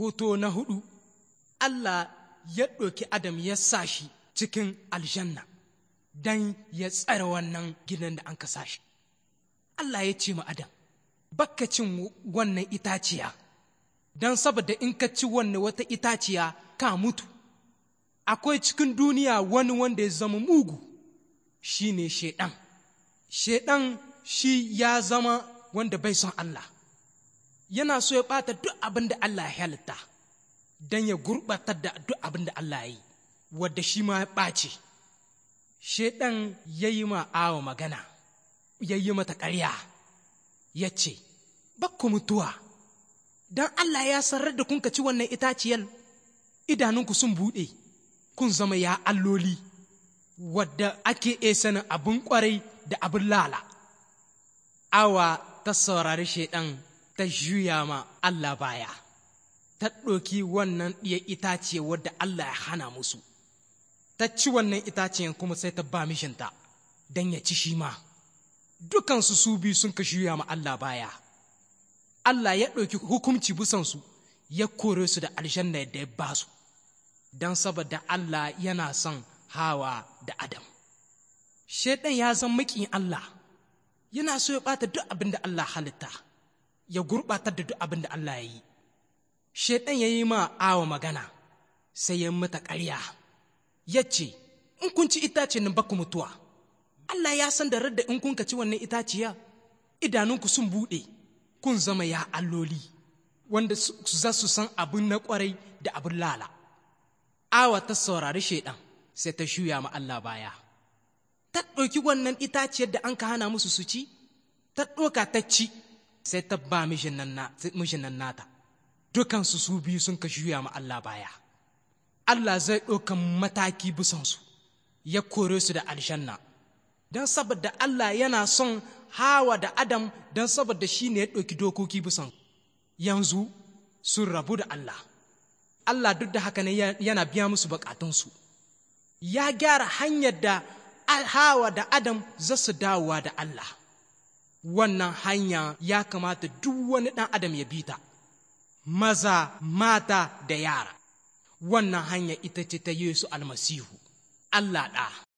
hoto na hudu Allah ya ɗauki Adam ya sa shi cikin aljanna don ya tsara wannan gidan da an ka sa shi. Allah ya ce ma Adam, bakka cin wannan itaciya, don saboda in ka ci wannan wata itaciya ka mutu. Akwai cikin duniya wani wanda ya zama mugu shi ne Shaiɗan. Shaiɗan shi ya zama wanda bai son Allah. yana so ya ɓata duk abin da Allah ya halitta don ya gurɓatar da duk abin da Allah ya yi wadda shi ma ya ɓace shaiɗan ya yi ma awa magana ya yi mata ƙarya ya ce bakku mutuwa don Allah ya sarar da kun ci wannan itaciyar idanunku sun buɗe kun zama ya alloli wadda ake e sanin abin ƙwarai da abin lala awa ta saurari shaiɗan ta juya ma Allah baya ta ɗoki wannan ɗiya itace wadda Allah ya hana musu ta ci wannan itacen kuma sai ta ba mishinta don ya ci shi ma dukansu su biyu sun ka juya ma Allah baya Allah ya ɗauki hukumci bisansu ya kore su da aljanna da ya ba su don saboda Allah yana son hawa da Adam shaiɗan ya zan maƙin Allah yana so ya ɓata duk abin da Allah halitta ya gurɓatar da duk abin da Allah ya yi shaiɗan ya yi ma awa magana sai ya mata ƙarya ya ce in kun ci itace nan baku mutuwa Allah ya san da radda in kun ci wannan itaciya idanunku sun buɗe kun zama ya alloli wanda za su san abin na ƙwarai da abin lala awa ta saurari shaiɗan sai ta shuya ma Allah baya ta ɗauki wannan itaciyar da an ka hana musu su ci ta ɗoka ta ci sai ta ba mijin nan nata dukansu su biyu sun ka shuya ma Allah baya Allah zai ɗaukan mataki bisansu ya kore su da aljanna don saboda Allah yana son hawa da Adam don saboda shi ne ya ɗauki dokoki bisan yanzu sun rabu da Allah Allah duk da haka ne yana biya musu bukatunsu ya gyara hanyar da hawa da Adam za su dawowa da Allah wannan hanya ya kamata duk wani ɗan adam ya bi ta maza mata da yara wannan hanya ita ce ta yesu almasihu allah ɗa